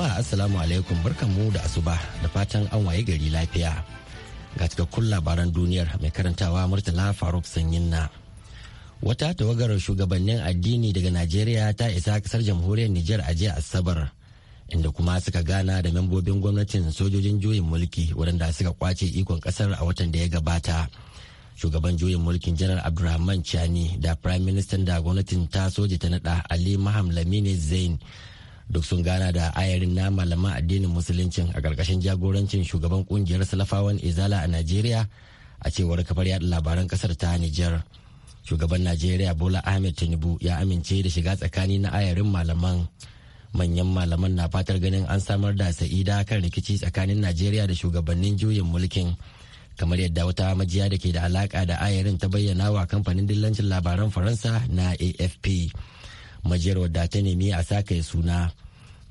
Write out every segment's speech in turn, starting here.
jama'a assalamu alaikum barkanmu da asuba da fatan an waye gari lafiya ga cikakkun labaran duniyar mai karantawa murtala faruk sanyinna wata tawagar shugabannin addini daga najeriya ta isa kasar jamhuriyar nijar a jiya asabar inda kuma suka gana da membobin gwamnatin sojojin juyin mulki waɗanda suka kwace ikon kasar a watan da ya gabata shugaban juyin mulkin janar abdulrahman chani da prime minister da gwamnatin ta soja ta nada ali maham lamine zain duk sun gana da ayarin na malaman addinin musuluncin a ƙarƙashin jagorancin shugaban ƙungiyar salafawan izala a najeriya a cewar kafar yada labaran ƙasar ta Niger. shugaban najeriya bola ahmed tinubu ya amince da shiga tsakani na ayarin malaman manyan malaman na fatar ganin an samar da sa'ida kan rikici tsakanin najeriya da shugabannin juyin mulkin kamar yadda wata majiya da ke da alaka da ayarin ta bayyana wa kamfanin dillancin labaran faransa na afp majiyar wadda ta nemi a saka ya suna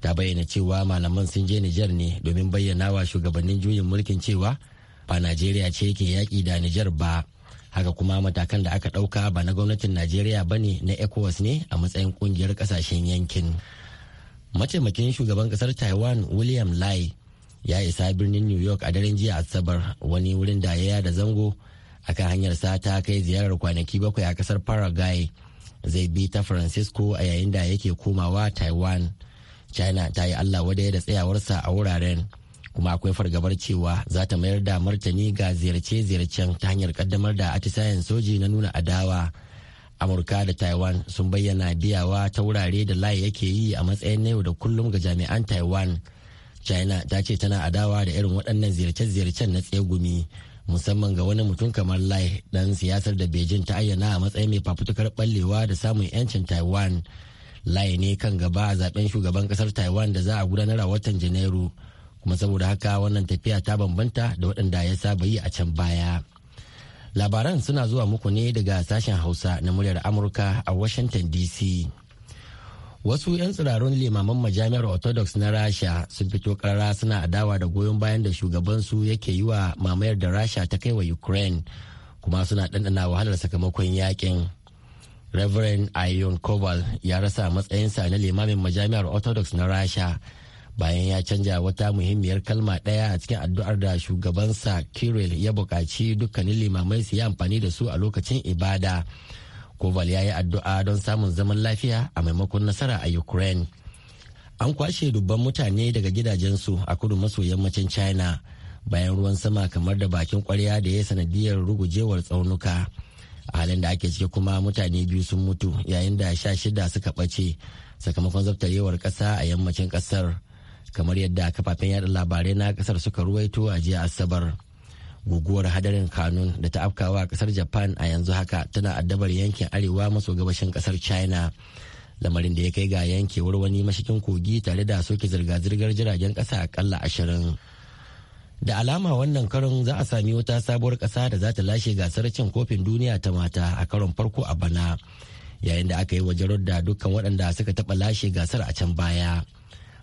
ta bayyana cewa malaman sun je nijar ne domin bayyana wa shugabannin juyin mulkin cewa ba najeriya ce ke yaƙi da nijar ba haka kuma matakan da aka ɗauka ba na gwamnatin najeriya ba ne na ecowas ne a matsayin ƙungiyar ƙasashen yankin mataimakin shugaban ƙasar taiwan william lai ya isa birnin new york a daren jiya asabar wani wurin da ya yada zango akan hanyar sa ta kai ziyarar kwanaki bakwai a ƙasar paraguay zai bi ta francisco a yayin da yake komawa taiwan china ta yi allah wadai da tsayawarsa a wuraren kuma akwai fargabar cewa za ta mayar da martani ga ziyarce-ziyarcen ta hanyar kaddamar da atisayen soji na nuna adawa amurka da taiwan sun bayyana biyawa ta wurare da layi yake yi a matsayin na yau da kullum ga jami'an taiwan china ta ce tana adawa da irin waɗannan ziyarce-ziyarcen na tsegumi musamman ga wani mutum kamar lai dan siyasar da beijing ta ayyana a matsayin mai fafutukar ballewa da samun 'yancin taiwan lai ne kan gaba a zaben shugaban kasar taiwan da za a gudanar a watan janairu kuma saboda haka wannan tafiya ta bambanta da waɗanda ya saba yi a can baya labaran suna zuwa muku ne daga sashen hausa na muryar amurka a washington dc wasu 'yan tsirarun limaman majami'ar orthodox na rasha sun fito karara suna adawa da goyon bayan da shugabansu yake yi wa mamayar da rasha ta kai wa ukraine kuma suna ɗanɗana wahalar sakamakon yakin reverend ayon koval ya rasa matsayinsa na limamin majami'ar orthodox na rasha bayan ya canja wata muhimmiyar kalma ɗaya a cikin addu'ar da shugabansa kirill ya buƙaci dukkanin limamai su yi amfani da su a lokacin ibada. koval ya yi addu'a don samun zaman lafiya a maimakon nasara a ukraine an kwashe dubban mutane daga gidajensu a kudu maso yammacin china bayan ruwan sama kamar da bakin kwarya da ya sanadiyar rugujewar tsaunuka a halin da ake ciki kuma mutane biyu sun mutu yayin da sha shida suka ɓace sakamakon zabtarewar ƙasa a yammacin ƙasar kamar yadda kafafen yada labarai na ƙasar suka ruwaito a jiya asabar. guguwar hadarin kanun da ta afkawa kasar japan a yanzu haka tana addabar yankin arewa maso gabashin kasar china lamarin da ya kai ga yankewar wani mashikin kogi tare da soke zirga-zirgar jiragen kasa akalla ashirin da alama wannan karon za a sami wata sabuwar kasa da za ta lashe gasar cin kofin duniya ta mata a karon farko a bana yayin da aka yi wajen da dukkan waɗanda suka taɓa lashe gasar a can baya.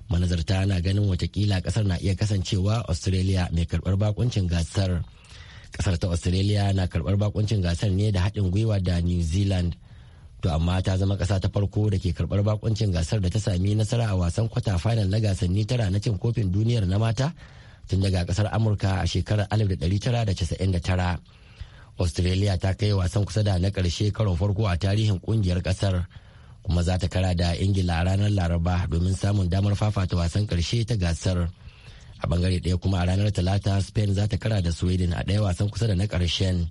manazarta na ganin watakila kasar na iya kasancewa australia mai karbar bakuncin gasar kasar ta australia na karbar bakuncin gasar ne da haɗin gwiwa da new zealand to amma ta zama ƙasa ta farko da ke karbar bakuncin gasar da ta sami nasara a wasan kwata final na gasanni tara na cin kofin duniyar na mata tun daga kasar amurka a shekarar 1999 australia ta kai wasan kusa da na karshe karon farko a tarihin kungiyar kasar kuma za ta kara da ingila a ranar laraba domin samun damar fafata wasan karshe ta gasar a bangare ɗaya kuma a ranar talata spain za ta kara da sweden a ɗaya wasan kusa da na ƙarshen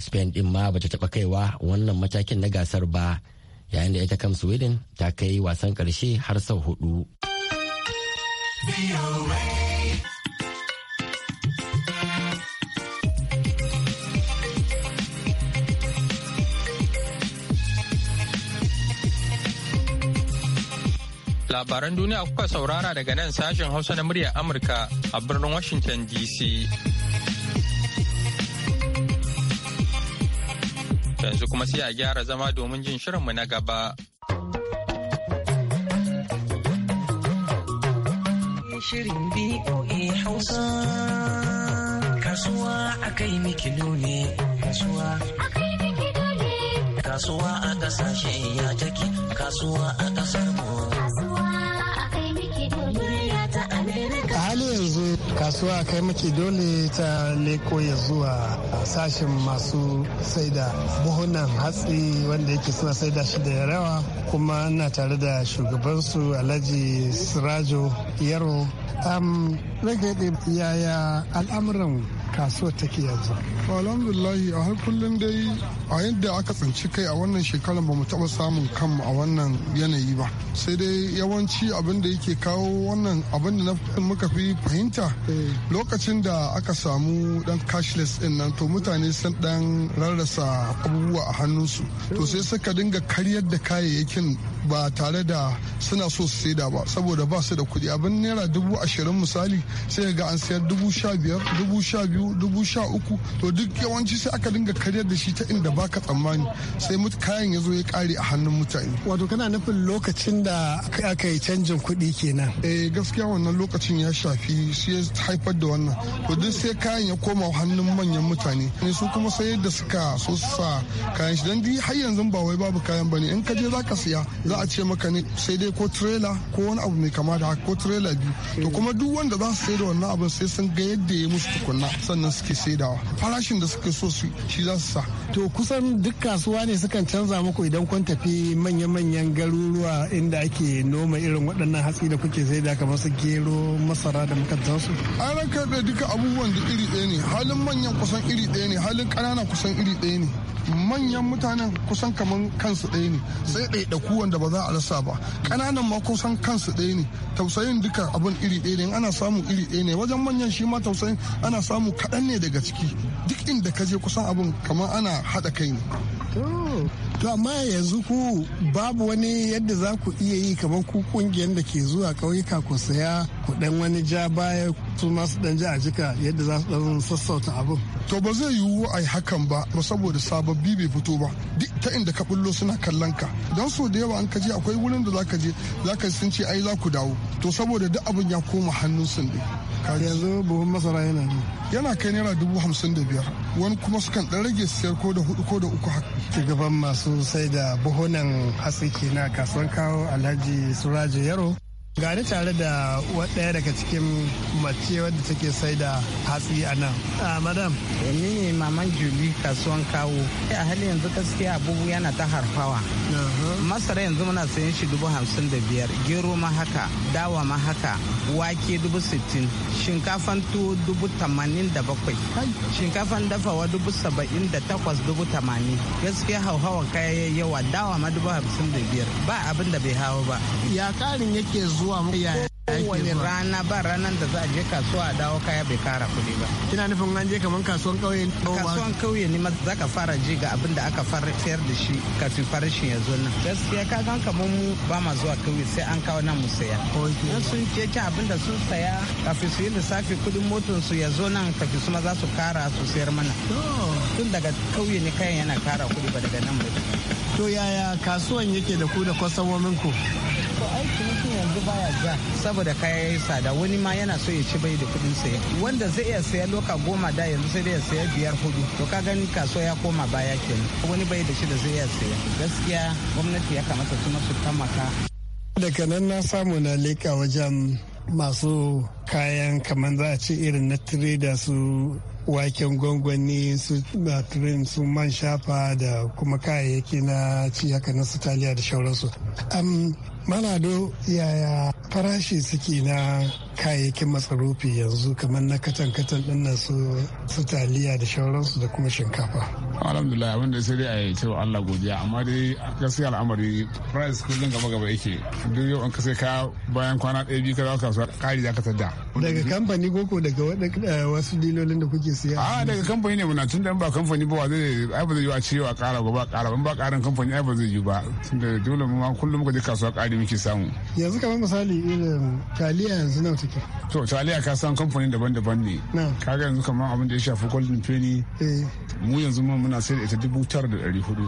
spain ɗin ma bata taɓa kaiwa wannan matakin na gasar ba yayin da ita kam sweden ta kai wasan ƙarshe har sau hudu. Labaran duniya kuka saurara daga nan sashen Hausa na muryar Amurka a birnin Washington DC. Yanzu kuma sai a gyara zama domin jin shirinmu na gaba. Shirin BOA Hausa Kasuwa a kai miki ne Kasuwa Kasuwa a kasashe ya take Kasuwa a kasar mu kasuwa kai muke dole ta leko ya zuwa sashen masu saida buhunan hatsi wanda yake suna saida shi da yawa kuma na tare da shugabansu alhaji sirajo yaro um, yaya al'amuran kasuwar take yanzu. alhamdulillahi a har kullum dai a yadda aka tsinci kai a wannan shekarar ba mu taɓa samun kanmu a wannan yanayi ba sai dai yawanci abin da yake kawo wannan abin da na muka fi fahimta eh. lokacin da aka samu dan cashless din nan to mutane sun dan rarrasa abubuwa a hannunsu to eh. sai suka dinga karyar da kayayyakin ba tare da suna so su saida ba saboda ba su da kuɗi abin naira dubu ashirin misali sai ga an sayar dubu sha biyar dubu sha biyu dubu sha uku to duk yawanci sai aka dinga karyar da shi ta inda baka tsammani sai kayan ya zo ya kare a hannun mutane wato kana nufin lokacin da aka yi canjin kuɗi kenan eh gaskiya wannan lokacin ya shafi shi ya haifar da wannan to duk sai kayan ya koma hannun manyan mutane ne su kuma sai da suka so su sa kayan shi dan har yanzu ba wai babu kayan bane in ka je zaka siya za a ce maka ne sai dai ko trailer ko wani abu mai kama da haka ko trailer biyu to hmm. kuma duk wanda za su sai da wannan abin sai sun ga yadda ya musu tukunna sannan suke saidawa farashin da suke so su shi za su sa to kusan duk kasuwa ne sukan canza muku idan kun tafi manya-manyan garuruwa inda ake noma irin waɗannan hatsi da kuke da kamar su gero masara da makantansu an rankar da duka abubuwan da iri ɗaya ne halin manyan kusan iri ɗaya ne halin ƙanana kusan iri ɗaya ne manyan mutanen kusan kamar kansu ɗaya ne sai ɗaiɗaku wanda ba za a rasa ba ƙananan ma kusan kansu ɗaya ne tausayin duka abin iri ɗaya ne ana samu iri ɗaya ne wajen manyan shi ma tausayin ana samu kaɗan ne daga ciki duk inda ka je kusan abin kamar ana haɗa kai ne To amma yanzu ku babu wani yadda za ku iya yi kamar ku kungiyar da ke zuwa ƙauyuka ku saya ku dan wani ja baya su masu dan ja a jika yadda za su dan sassauta abin. To ba zai yiwu a yi hakan ba ba saboda sababbi bai fito ba duk ta inda ka bullo suna kallon ka don so da yawa an ka je akwai wurin da za ka je za ka sun ce ai za ku dawo to saboda duk abin ya koma hannun sun ne. kare yanzu buhun masara yana ne yana kai naira dubu hamsin da biyar wani kuma sukan dan rage siyar ko da hudu ko da uku haka shugaban masu sai da buhunan hatsi na kasuwar kawo alhaji suraje yaro gani tare da ɗaya daga cikin mace wadda take sai da hatsi a nan. Ah, madam. Ni ne maman Juli kasuwan kawo. Eh, a hali yanzu gaskiya abubu yana ta harfawa. Uh-huh. Masara yanzu muna sayan shi dubu hamsin da biyar. Gero ma haka, dawa ma haka, wake dubu sittin, shinkafan tuwo dubu tamanin da bakwai. Shinkafan dafawa dubu saba'in da takwas dubu tamanin. Gaskiya hauhawa kaya yawa dawa ma dubu hamsin da biyar. Ba abin da bai hawa ba. Ya karin yake zuwa. zuwa mu rana ba ranar da za a je kasuwa a dawo kaya bai kara kuɗi ba. Kina nufin an je kamar kasuwan ƙauye? Kasuwan ƙauye ne ma za ka fara ji ga abin da aka fara sayar da shi kafin farashin ya zo nan. Gaskiya ka gan kamar mu ba ma zuwa ƙauye sai an kawo nan mu saya. In sun je cin abin da sun saya kafin su yi lissafi kuɗin motar su ya zo nan kafin su ma za su kara su sayar mana. Tun daga ƙauye ne kayan yana kara kuɗi ba daga nan ba. To yaya kasuwan yake da ku da kwasan ku? yanzu baya ja saboda kaya ya yi tsada wani ma yana so ya ci bai da kuɗin saya wanda zai iya saya loka goma da yanzu sai dai ya saya biyar hudu to ka gani kasuwa ya koma baya kenan wani bai da shi da zai iya saya gaskiya gwamnati ya kamata su masu tamaka. daga nan na samu na leka wajen masu kayan kamar za a ce irin na da su waken gwangwani su batirin su man shafa da kuma kayayyaki na ci haka na su taliya da shauransu malado yaya farashi suke na kayayyakin masarufi yanzu kamar na katan-katan dinnan su taliya da shauransu da kuma shinkafa alhamdulillah abinda sai dai a yi cewa allah godiya amma dai gaskiya al'amari price kullum gaba gaba yake duk yau an kasai kaya bayan kwana ɗaya biyu ka za kasuwa ƙari za ka tadda daga kamfani ko ko daga eh, wasu dilolin da kuke siya a ah, daga kamfani ne muna tun da ba kamfani ba zai ai ba zai yi a ciwo a ƙara ba ba ƙara ba ƙarin kamfani ai ba zai yi ba tun da dole mu kullum ka je kasuwa ƙari muke samu yanzu kamar misali irin taliya yanzu nawa take to taliya ka san kamfani daban-daban ne kaga yanzu kamar abin da ya shafi golden penny eh. mu yanzu mun muna sai da ita dubu tara da ɗari hudu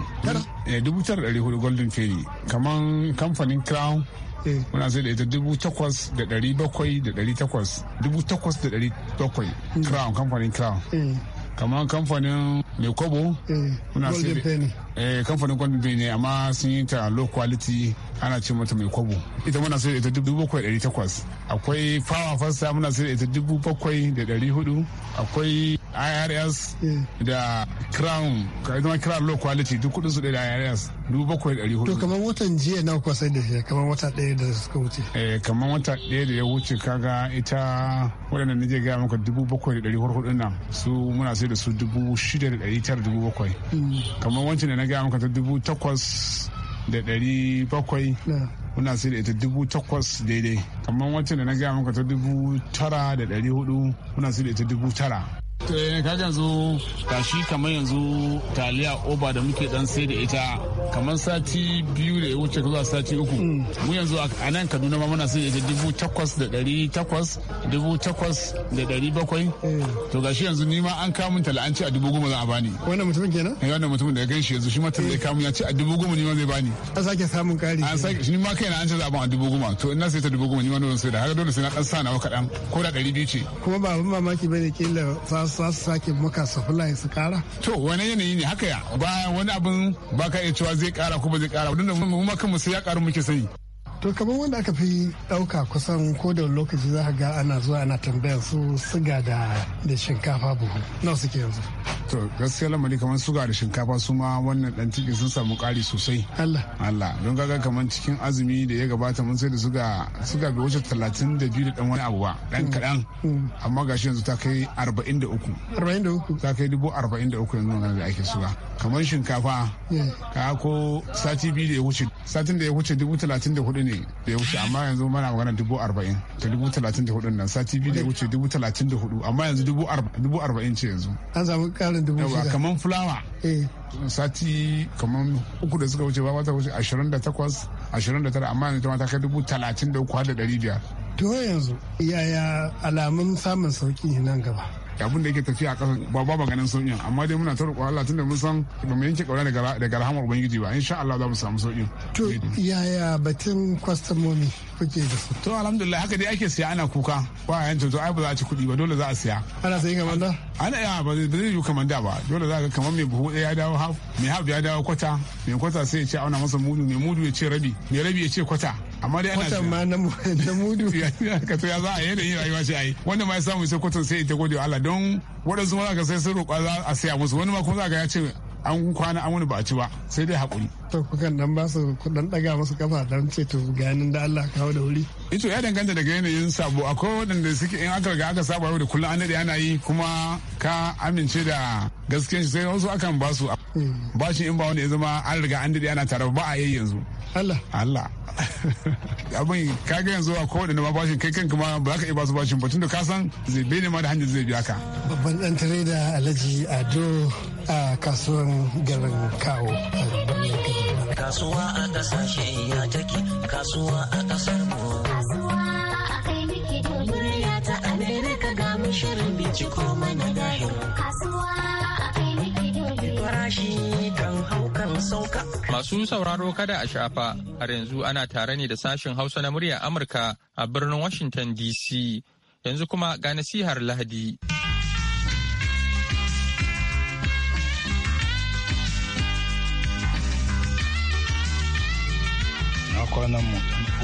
eh, dubu tara da ɗari hudu golden penny kamar kamfanin crown eh. muna sai da ita dubu takwas da ɗari bakwai da ɗari takwas dubu takwas da ɗari bakwai hmm. crown kamfanin crown kamar kamfanin lekobo muna sai eh kamfanin kwalbi ne amma sun yi ta low quality ana ce mata mai kwabo ita muna sai da ita dubu bakwai ɗari takwas akwai power fasta muna sai da ita dubu bakwai da ɗari hudu akwai irs da crown kuma crown low quality duk kudin su da irs dubu bakwai ɗari hudu to kamar watan jiya na kuwa sai da shi kamar wata ɗaya da suka wuce eh kamar wata ɗaya da ya wuce kaga ita waɗanda na je gaya maka dubu bakwai da ɗari hudu nan su muna sai da su dubu shida da ɗari tara dubu bakwai hmm. kamar wancan da na gaya maka ta dubu takwas da ɗari bakwai muna sai da ita dubu takwas daidai kamar wancan da na gaya maka ta dubu tara da ɗari hudu muna sai da ita dubu tara Eh, ka yanzu kashi kamar yanzu taliya oba da muke dan sai da ita kamar sati biyu da ya wuce zuwa sati uku mm. mu yanzu a nan kaduna ma muna sai da dubu takwas da dari takwas dubu takwas da dari bakwai mm. to gashi yanzu ni ma an kamun tala an ce a dubu goma za a bani wannan mutumin kenan eh wannan mutumin da ya ganshi yanzu shi ma tun da ya kamun ya ce a dubu goma ni ma zai bani an sake samun kari an sake shi ma na an ce za a bani a dubu goma to ina sai ta dubu goma ni ma dole sai da haka dole sai na dan sa nawa kaɗan ko da ɗari biyu ce kuma ba abin mamaki bane kila sa za su sake maka ya su kara. To wani yanayi ne haka ya bayan wani abin ba ka iya cewa zai kara ko ba zai kara wadanda mu ma kanmu sai ya karu muke sani. To kamar wanda aka fi ɗauka kusan ko da lokaci za ga ana zuwa ana tambayar su siga da shinkafa buhu nawa suke yanzu. to gaskiya lamari kamar suga da shinkafa su ma wannan dan cikin sun samu ƙari sosai Allah Allah don kaga kamar cikin azumi da ya gabata mun sai da suga suga ga wuce 32 da dan wani abu ba dan kadan mm. amma gashi yanzu ta kai 43 43 ta kai dubu 43 yanzu nan da ake suga kamar shinkafa ka ko sati biyu da ya wuce satin da ya wuce dubu 34 ne da ya wuce amma yanzu mana magana dubu 40 ta dubu 34 nan sati biyu da ya wuce dubu 34 amma yanzu dubu 40 ce yanzu an samu ƙarin nan dubu shida kaman fulawa eh. sati kaman uku da suka wuce ba wata wuce ashirin da takwas ashirin da tara amma yanzu ta kai dubu talatin da uku da ɗari biyar to yanzu yaya alamun samun sauki nan gaba abin da yake tafiya a ƙasa ba ba ganin sauƙin amma dai muna ta roƙon Allah tunda mun san ba mu yanke ƙaura daga daga rahamar ubangiji ba insha Allah za mu samu sauƙin to yaya batun kwastomomi kuke da su to alhamdulillah haka dai ake siya ana kuka ba yan to ai ba za a ci kuɗi ba dole za a siya ana sayin kamar da ana yawa ba zai yi kamar da ba dole za ka kamar mai buhu ɗaya ya dawo haf mai haf ya dawo kwata mai kwata sai ya ce auna masa mudu mai mudu ya ce rabi mai rabi ya ce kwata amma dai ana kwatan ma na mudu ka to ya za a yanayin rayuwa shi ai wanda ma ya samu sai kwatan sai ita gode Allah don waɗansu ma za ka sai sun roƙa za a saya musu wani ma kuma za ka ya ce an kwana an wani ba a ci ba sai dai haƙuri to kukan dan ba su dan daga masu kafa dan ce to ganin da Allah kawo da wuri ito ya danganta daga yanayin sabo akwai waɗanda suke in aka riga aka saba yau da kullum an daɗe ana yi kuma ka amince da gaskiyan shi sai wasu akan ba su hmm. ba shi in ba wanda ya zama an riga an daɗe ana tare ba a yi yanzu Allah Allah abin kaga yanzu a kowane ma bashin kai kanka ma ba ka iya basu bashin ba tunda ka san zai bene ma da hanyar zai biya ka babban dan tare da alhaji ado a kasuwar garin kawo a babban kasuwa a kasashe ya take kasuwa a kasar mu shirin binciko mana masu sauraro kada a shafa har yanzu ana tare ne da sashen hausa na murya amurka a birnin washington dc yanzu kuma ga nasihar lahadi kwanan mu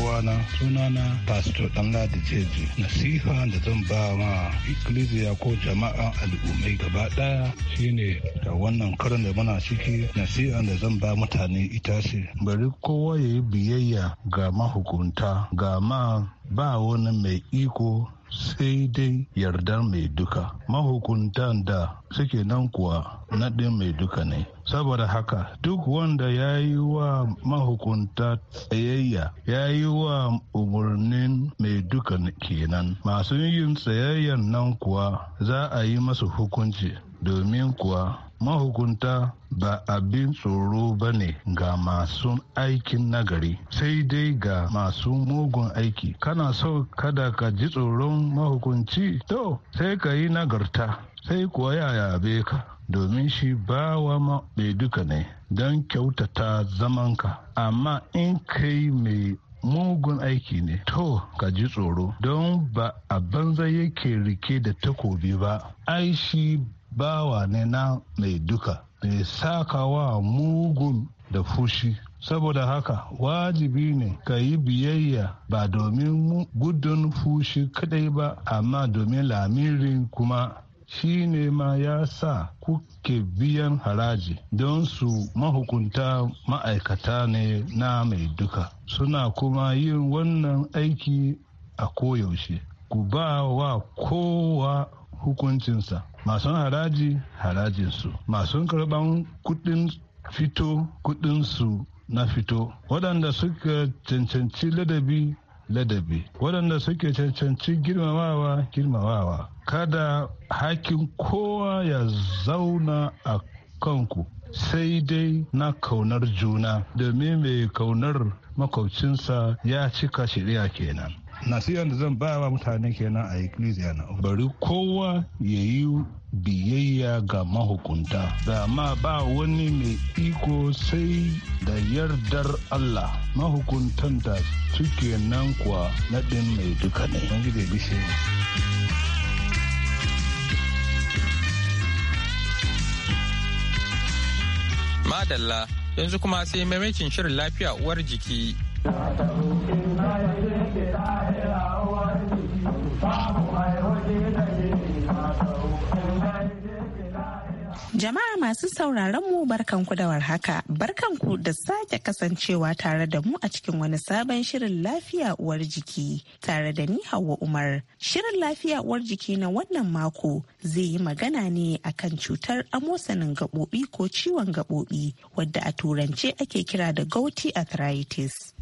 uwana sunana pastor da Jeji nasiha da zan ba ma ikkilisiya ko jama'a al'ummai gaba ɗaya shine da wannan karin da muna ciki nasiha da zan ba mutane ita ce bari kowa ya yi biyayya ga mahukunta ga ma ba wani mai iko sai dai yardar mai duka mahukuntan da suke nan kuwa naɗin mai duka ne saboda haka duk wanda ya yi wa mahukunta tsayayya ya yi wa umarnin mai duka kenan masu yin tsayayyan nan kuwa za a yi masu hukunci domin kuwa mahukunta ba abin tsoro ba ne ga masu aikin nagari sai dai ga masu mugun aiki kana so kada ka ji tsoron mahukunci to sai ka yi nagarta sai kuwa yaya be ka domin shi bawa ma duka ne don kyautata zamanka amma in kai mai mugun aiki ne to ka ji tsoro don ba a banza yake rike da takobi ba ai shi bawa ne na mai duka mai sakawa mugun da fushi saboda haka wajibi ne ka yi biyayya ba domin gudun fushi kadai ba amma domin lamirin kuma shi ne ma ya sa kuke biyan haraji don su mahukunta ma'aikata ne na mai duka suna kuma yin wannan aiki a koyaushe ku ba wa kowa hukuncinsa masu haraji harajinsu masu karɓan kudin fito kudinsu na fito waɗanda suka cancanci ladabi ladabi waɗanda suke cancanci girmamawa girmamawa kada hakin kowa ya zauna a kanku sai dai na kaunar juna domin mai kaunar makaucinsa ya cika shirya kenan nasiyan da zan ba wa mutane kenan a ikilisiya na bari kowa ya yi biyayya ga mahukunta da ma ba wani mai iko sai da yardar Allah mahukuntan da suke nan kuwa naɗin mai duka ne. Madalla yanzu kuma sai maimakin shirin lafiya uwar jiki. Jama'a masu sauraron mu barkanku da warhaka, barkanku da sake kasancewa tare da mu a cikin wani sabon shirin lafiya uwar jiki tare da ni Hauwa Umar. Shirin lafiya uwar jiki na wannan mako zai yi magana ne akan cutar amosanin gaɓoɓi ko ciwon gaɓoɓi wadda a turance ake kira da gouty arthritis.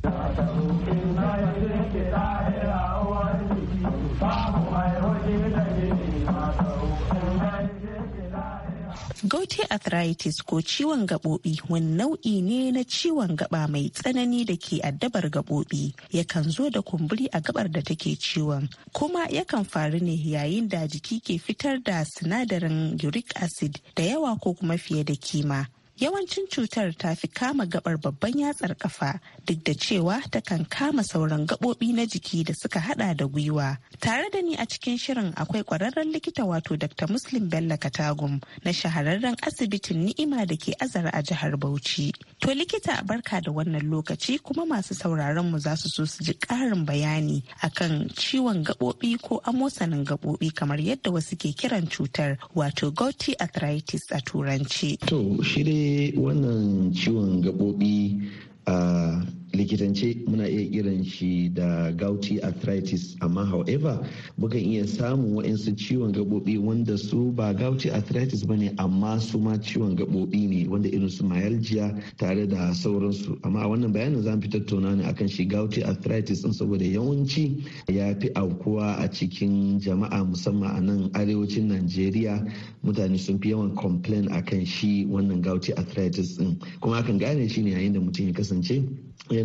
Gouty arthritis ko ciwon gaɓoɓi wani nau'i ne na ciwon gaɓa mai tsanani da ke addabar gaɓoɓi yakan zo da kumburi a gaɓar da take ciwon kuma yakan faru ne yayin da jiki ke fitar da sinadarin uric acid da yawa ko kuma fiye da kima yawancin cutar ta fi kama gabar babban yatsar kafa duk da cewa takan kama sauran gaɓoɓi na jiki da suka hada da gwiwa tare da ni a cikin shirin akwai kwararren likita wato dr muslim bello katagum na shahararren asibitin ni'ima da ke azara a jihar bauchi To likita barka da wannan lokaci kuma masu sauraron mu za su so su ji ƙarin bayani akan ciwon gaɓoɓi ko amosanin gaɓoɓi kamar yadda wasu ke kiran cutar wato gouty arthritis a turanci. To shi dai wannan ciwon gaɓoɓi a ah, likitance muna iya kiran shi da gouty arthritis amma however mukan iya samun wa'insu ciwon gabobi wanda su ba gouty arthritis ba ne amma su ma ciwon gabobi ne wanda irin su myalgia tare da sauransu amma a wannan bayanin za mu fi tattauna ne akan shi gouty arthritis din saboda yawanci ya fi aukuwa a cikin jama'a musamman a nan arewacin najeriya mutane sun fi yawan complain akan shi wannan gouty arthritis din kuma akan gane shi ne yayin da mutum ya kasance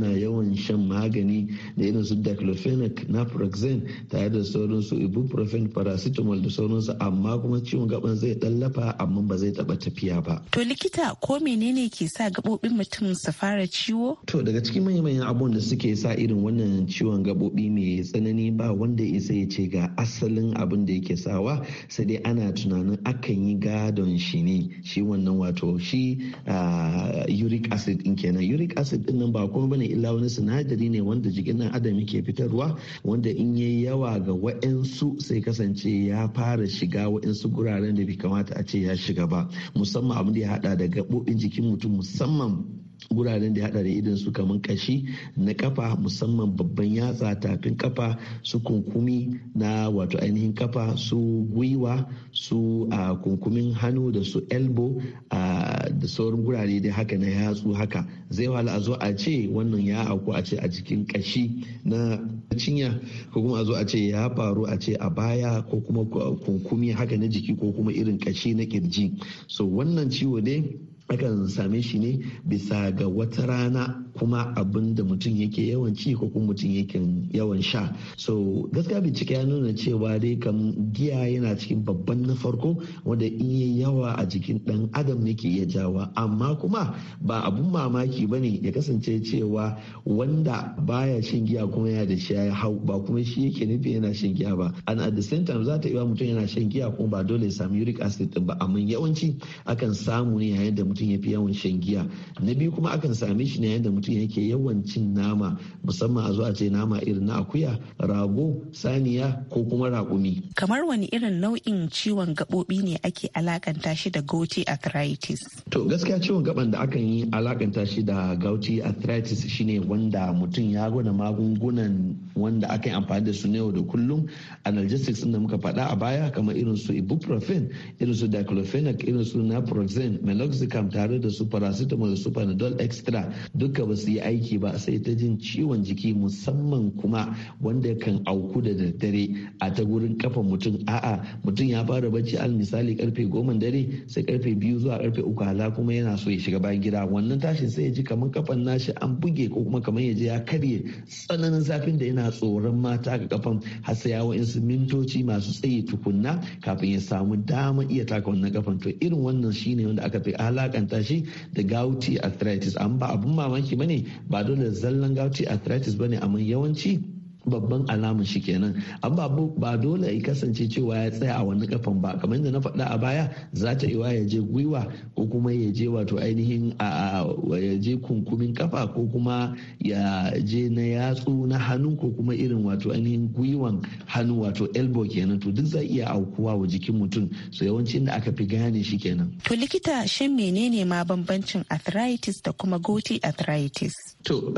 yana yawan shan magani da irin su na naproxen tare da sauransu ibuprofen paracetamol da sauransu amma kuma ciwon gaban zai dan lafa amma ba zai taba tafiya ba to likita ko menene ke sa gabobin mutum su fara ciwo to daga cikin manyan abubuwan da suke sa irin wannan ciwon gabobi mai tsanani ba wanda isa ya ce ga asalin abin da yake sawa sai dai ana tunanin akan yi gadon shi ne shi wannan wato shi ah, uric acid din kenan uric acid din nan ba kuma bane illa wani sinadari ne wanda jikin ɗan adam yake fitarwa wanda in yayi yawa ga wa'ensu sai kasance ya fara shiga wa'ensu guraren da bai kamata a ce ya shiga ba musamman abin da ya hada da gaɓoɓin jikin mutum musamman wuraren da hadarin idan su kamar kashi na kafa musamman babban yatsa tafin kafa su kunkumi na wato ainihin kafa su gwiwa su a kunkumin hannu da su elbow da sauran gurare da haka na yatsu haka zai wala a zo a ce wannan ya auku a ce a cikin kashi na cinya ko kuma a zo a ce ya faru a ce a baya ko kuma kunkumi haka na jiki ko kuma irin kashi na kirji so wannan ciwo ne akan same shi ne bisa ga wata rana kuma abin da mutum yake yawan ci ko kuma mutum yake yawan sha so gaskiya bincike ya nuna cewa dai kam giya yana cikin babban na farko wanda in yi yawa a jikin dan adam ne ke iya jawa amma kuma ba abun mamaki ba ne ya kasance cewa wanda baya shan giya kuma yana da shi ya hau ba kuma shi yake nufi yana shan giya ba and at the same time za ta iya mutum yana shan giya kuma ba dole ya samu uric acid ba amma yawanci akan samu ne yayin da mutum mutum ya fi yawan shan giya na biyu kuma akan same shi ne yadda mutum yake yawan cin nama musamman a zuwa ce nama irin na akuya rago saniya ko kuma raƙumi kamar wani irin nau'in ciwon gaɓoɓi ne ake alakanta shi da gouty arthritis to gaskiya ciwon gaban da akan yi alakanta shi da gouty arthritis shine wanda mutum ya gwada magungunan wanda aka yi amfani da su ne yau da kullum analgesics da muka faɗa a baya kamar irin su ibuprofen irin su diclofenac irin su naproxen meloxicam tare da su paracetamol da su panadol extra duka ba su yi aiki ba sai ta jin ciwon jiki musamman kuma wanda kan auku da daddare a ta gurin kafa mutum a'a mutum ya fara bacci al misali karfe goma dare sai karfe biyu zuwa karfe uku hala kuma yana so ya shiga bayan gida wannan tashin sai ya ji kamar kafan nashi an buge ko kuma kamar ya je ya karye tsananin zafin da yana tsoron mata ga kafan har sai ya wa'insu mintoci masu tsaye tukunna kafin ya samu dama iya taka wannan kafan to irin wannan shine wanda aka fi alaka alakanta shi da gouty arthritis amma ba abun mamaki bane ba dole zallan gouty arthritis bane amma yawanci babban alamun shi kenan amma ba dole ya kasance cewa ya tsaya a wani kafan ba kamar yadda na faɗa a baya za ta iya ya je gwiwa ko kuma ya je wato ainihin a ya je kunkumin kafa ko kuma ya je na yatsu na hannu ko kuma irin wato ainihin gwiwan hannu wato elbow kenan to duk zai iya aukuwa wa jikin mutum so yawanci da aka fi gane shi kenan to likita shin menene ma bambancin arthritis da kuma gouty arthritis to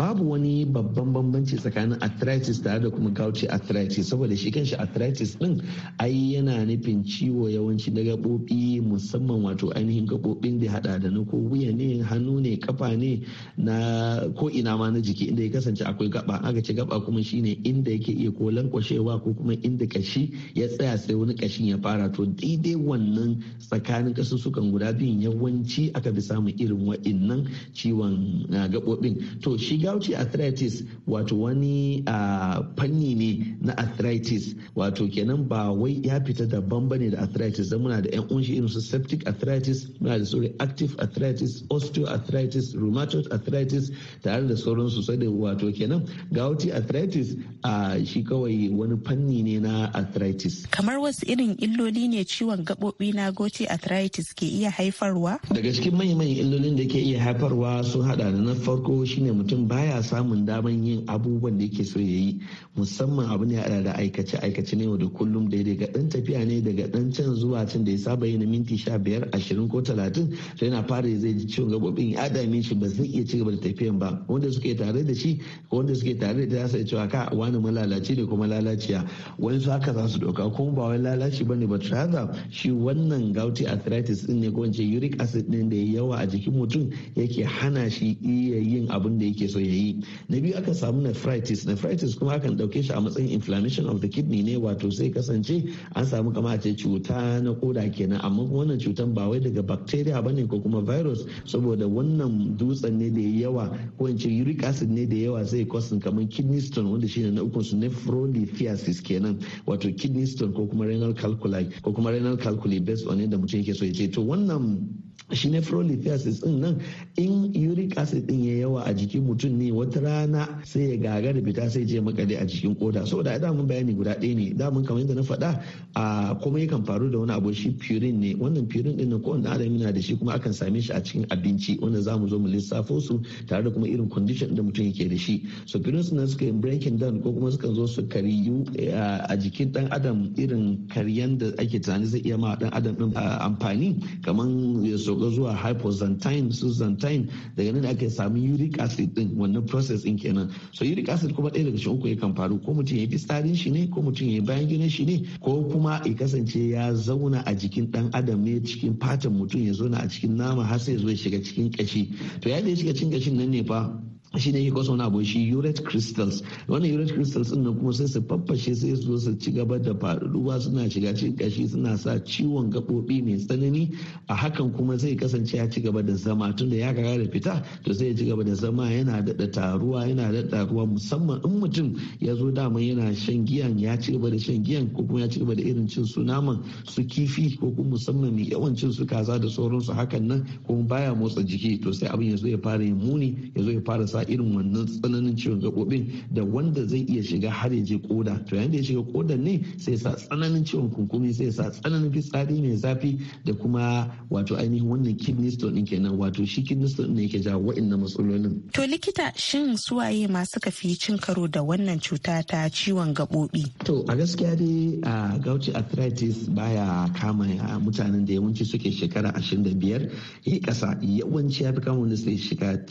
babu wani babban bambanci tsakanin arthritis tare da kuma gouty arthritis saboda shi kanshi arthritis din ai yana nufin ciwo yawanci na gaɓoɓi musamman wato ainihin gaɓoɓin da hada da na ko wuya ne hannu ne kafa ne na ko ina ma na jiki inda ya kasance akwai gaba aka ce gaba kuma shine inda yake iya ko lankwashewa ko kuma inda kashi ya tsaya sai wani kashin ya fara to daidai wannan tsakanin kasussukan guda biyun yawanci aka fi samun irin wa'innan ciwon ah, gaɓoɓin to shi gauci arthritis wato wani a fanni ne na arthritis wato kenan ba wai ya fita daban bane da arthritis zan muna da yan kunshi irin su septic arthritis muna da su active arthritis osteoarthritis rheumatoid arthritis tare da sauransu sai da wato kenan gouty arthritis a shi kawai wani fanni ne na arthritis kamar wasu irin illoli ne ciwon gaɓoɓi na gouty arthritis ke iya haifarwa daga cikin manyan illolin da ke iya haifarwa sun hada da na farko shine mutum baya samun daman yin abubuwan da yake so ya yi musamman abin ya hada da aikace aikace ne da kullum daidai ga dan tafiya ne daga dan can zuwa can da ya saba yi na minti sha biyar ashirin ko talatin sai yana fara zai ji ciwon gabobin ya dame shi ba zai iya cigaba da tafiyan ba wanda suke tare da shi ko wanda suke tare da ya cewa ka wani malalaci ne kuma lalaciya wani su haka za su doka kuma ba wai lalaci bane ba traza shi wannan gouty arthritis din ne ko wance uric acid din da ya yawa a jikin mutum yake hana shi iya yin abin da yake so ya yi na biyu aka samu nephritis nephritis kuma akan ɗauke shi a matsayin inflammation of the kidney ne wato sai kasance an samu kama ce cuta na koda kenan amma wannan cutan ba wai daga bacteria bane ko kuma virus saboda wannan dutsen ne da yawa ko in ce uric acid ne da yawa sai kosin kamar kidney stone wanda shine na ukun su nephrolithiasis kenan wato kidney stone ko kuma renal calculi ko kuma renal calculi based on yadda mutum yake so ya ce to wannan shi ne prolifiasis din nan in uric acid din ya yawa a jikin mutum ne wata rana sai ya gagara fita sai je makale a jikin koda saboda da mun bayani guda ɗaya ne da mun kamar yadda na faɗa a kuma yakan faru da wani abu shi purine ne wannan purine din ko wanda adam yana da shi kuma akan same shi a cikin abinci wanda za mu zo mu lissafo su tare da kuma irin condition da mutum yake da shi so purine suna suka yi breaking down ko kuma suka zo su kariyu eh, a jikin dan adam irin karyan da ake tunani zai iya ma dan adam din eh, amfani kamar ya sauka zuwa hypoxanthine suxanthine daga nan ake samu uric acid din wannan process din kenan so uric acid kuma ɗaya daga cikin uku yakan faru ko mutum ya fitsarin shi ne ko mutum ya bayan gidan shi ne ko kuma ya kasance ya zauna a jikin ɗan adam ne cikin fatan mutum ya zauna a cikin nama har sai ya zo ya shiga cikin kashi to ya shiga cikin kashin nan ne fa shi ne yake wani abu shi uret crystals wannan uret crystals din nan kuma sai su faffashe sai su zo su ci gaba da faruwa suna shiga cikin kashi suna sa ciwon gaɓoɓi mai tsanani a hakan kuma zai kasance ya ci gaba da zama tun da ya kaga da fita to sai ya ci gaba da zama yana daɗa taruwa yana daɗa taruwa musamman in mutum ya zo dama yana shan giyan ya ci gaba da shan giyan ko kuma ya ci gaba da irin cin su naman su kifi ko kuma musamman mai yawan cin su kaza da sauransu hakan nan kuma baya motsa jiki to sai abin ya zo ya fara yin muni ya zo ya fara sa irin wannan tsananin ciwon gaɓoɓin da wanda zai iya shiga har ya je koda to yayin da ya shiga kodan ne sai sa tsananin ciwon kunkumi sai sa tsananin fitsari mai zafi da kuma wato ainihin wannan kidney stone din kenan wato shi kidney stone ne yake jawo wa'annan matsalolin to likita shin suwaye masu kafi cin karo da wannan cuta ta ciwon gaɓoɓi to a gaskiya dai a gauchi arthritis baya kama mutanen da yawanci suke shekara 25 yi kasa yawanci ya fi kama wanda suke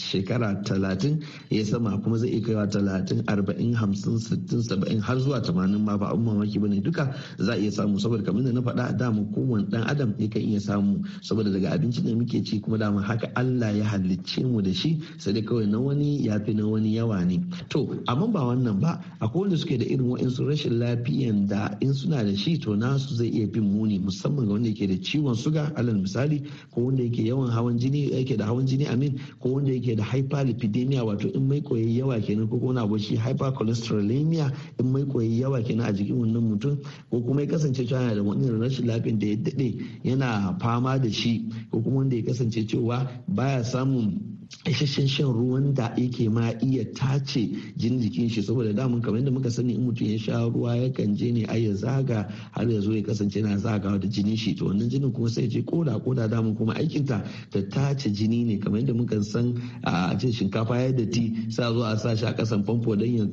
shekara talatin. ya sama kuma zai iya kaiwa talatin arba'in hamsin sittin saba'in har zuwa tamanin ma ba abin mamaki bane duka za a iya samu saboda kamar da na faɗa a dama kowane ɗan adam kan iya samu saboda daga abinci da muke ci kuma dama haka Allah ya halicce mu da shi sai dai kawai na wani ya fi na wani yawa ne to amma ba wannan ba akwai wanda suke da irin wa'insu rashin lafiyan da in suna da shi to nasu zai iya bin muni musamman ga wanda yake da ciwon suga alal misali ko wanda yake yawan hawan jini yake da hawan jini amin ko wanda yake da hyperlipidemia wato in mai koyi yawa kenan ko kuma abu shi hypercholesterolemia in mai koyi yawa kenan a jikin wannan mutum ko kuma ya kasance cewa yana da wani rashin lafiyar da ya daɗe yana fama da shi ko kuma wanda ya kasance cewa baya samun isasshen shan ruwan da yake ma iya tace jin jikin shi saboda damun kamar yadda muka sani in mutum ya sha ruwa yakan je ne a zaga har ya zo ya kasance yana zagawa da jini shi to wannan jinin kuma sai je koda koda damun kuma aikin ta ta tace jini ne kamar yadda muka san a cikin shinkafa ya datti sa zo a sa shi a kasan famfo don ya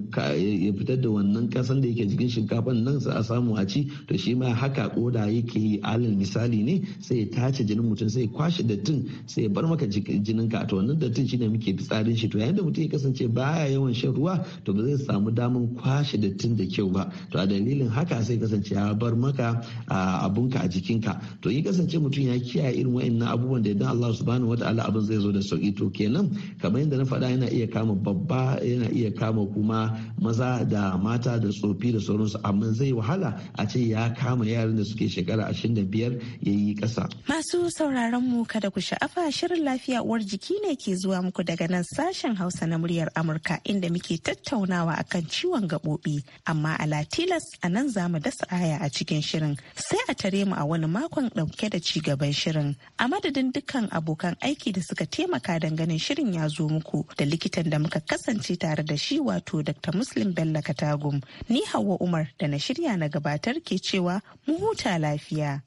fitar da wannan kasan da yake jikin shinkafan nan sa a samu a ci to shi ma haka koda yake yi alal misali ne sai ya tace jinin mutum sai ya kwashe dattin sai ya bar maka jininka to wannan mutum shine muke fitsarin shi to yayin da mutum ya kasance baya yawan shan ruwa to ba zai samu damar kwashe dattin da kyau ba to a dalilin haka sai kasance ya bar maka abunka a jikin ka to in kasance mutum ya kiyaye irin wa'annan abubuwan da idan Allah subhanahu wataala abin zai zo da sauki to kenan kamar yadda na faɗa yana iya kama babba yana iya kama kuma maza da mata da tsofi da sauransu amma zai wahala a ce ya kama yaran da suke shekara ashirin da biyar ya yi ƙasa. Masu sauraron mu kada ku sha'afa shirin lafiya uwar jiki ne ke zuwa muku daga nan sashen Hausa na muryar Amurka inda muke tattaunawa a kan ciwon gaɓoɓi. Amma a Latilas a nan za mu dasa aya a cikin shirin sai a tare mu a wani makon ɗauke da ci gaban shirin. A madadin dukkan abokan aiki da suka taimaka don ganin shirin ya zo muku da likitan da muka kasance tare da shi wato Dr. Muslim Bello Katagum. Ni Hauwa Umar da na shirya na gabatar ke cewa mu huta lafiya.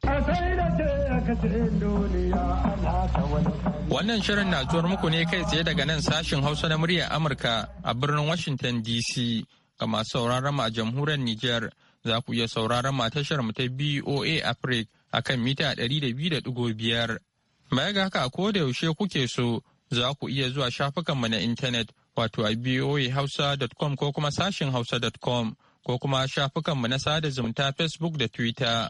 Wannan shirin na zuwar muku ne kai tsaye daga nan sashin Hausa na muryar Amurka a birnin Washington DC ga masu sauraron mu a jamhuriyar Nijar za ku iya sauraron a tashar mu ta BOA Africa a kan mita 200.5. Baya ga haka ko da yaushe kuke so za ku iya zuwa mu na intanet wato a boahausa.com ko kuma sashin hausa.com ko kuma shafukanmu na sada zumunta Facebook da Twitter.